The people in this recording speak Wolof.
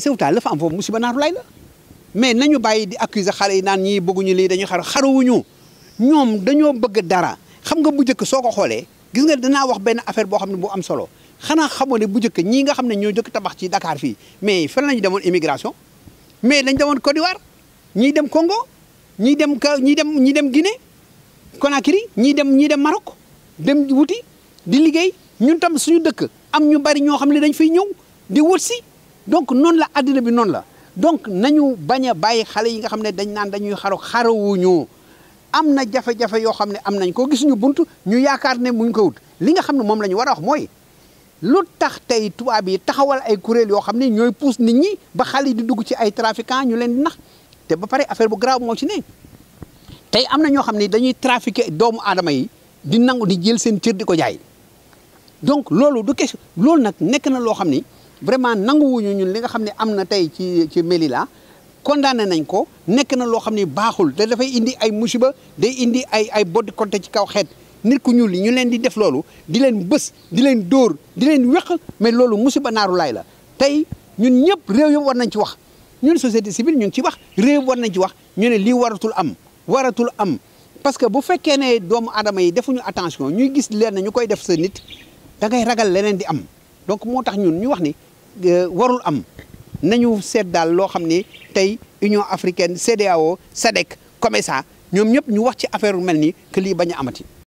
Sëñ Tall dafa am foofu musiba naaru lay la mais nañu bàyyi di accuser xale yi naan ñii bëgguñu lii dañuy xar xaruwuñu ñoom dañoo bëgg dara xam nga bu njëkk soo ko xoolee gis nga danaa wax benn affaire boo xam ne bu am solo xanaa xamoo ne bu njëkk ñi nga xam ne ñoo jëkk tabax ci dakaar fii mais fan lañu demoon immigration mais dañ demoon Côte d'Ivoire ñii dem Congo ñii dem ka ñii dem ñii dem Guinée Conakry ñii dem ñii dem Maroc dem wuti di liggéey ñun tam suñu dëkk am ñu bari ñoo xam ne dañ fiy ñëw di si donc noonu la àddina bi noonu la donc nañu bañ a bàyyi xale yi nga xam ne dañ naan dañuy xaru xarawuñu am na jafe-jafe yoo xam ne am nañ ko gisuñu bunt ñu yaakaar ne muñ ko wut li nga xam ne moom la ñu war a wax mooy lu tax tey tubaab yi taxawal ay kuréel yoo xam ne ñooy puus nit ñi ba xale yi di dugg ci ay trafiquants ñu leen di nax te ba pare affaire bu grave moo ci ne tey am na ñoo xam ne dañuy trafiquer doomu aadama yi di nangu di jël seen cër di ko jaay donc loolu du question loolu nag nekk na loo xam ni vraiment nanguwuñu ñun li nga xam ne am na tey ci ci Melilla condamné nañ ko nekk na loo xam ne baaxul te dafay indi ay musiba day indi ay ay boddi ci kaw xeet nit ku ñuul yi ñu leen di def loolu di leen bës di leen dóor di leen wéq mais loolu musiba naaru laay la tey ñun ñëpp réew yëpp war nañ ci wax ñun société civile ñu ngi ci wax réew yëpp war nañ ci wax ñu ne lii waratul am waratul am parce que bu fekkee ne doomu adama yi defuñu attention ñuy gis leen na ñu koy def sa nit da ngay ragal leneen di am donc moo tax ñun ñu wax ni Euh, warul am nañu seet daal loo xam ni tey Union africaine CEDEAO SADC COMESA ñoom ñëpp ñu wax ci affaire mel ni que lii bañ a amati.